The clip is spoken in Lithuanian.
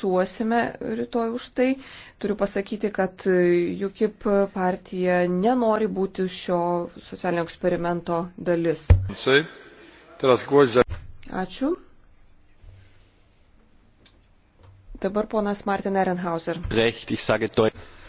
balsuosime rytoj už tai. Turiu pasakyti, kad UKIP partija nenori būti šio socialinio eksperimento dalis. Ačiū. Dabar ponas Martin Ehrenhauser. Recht,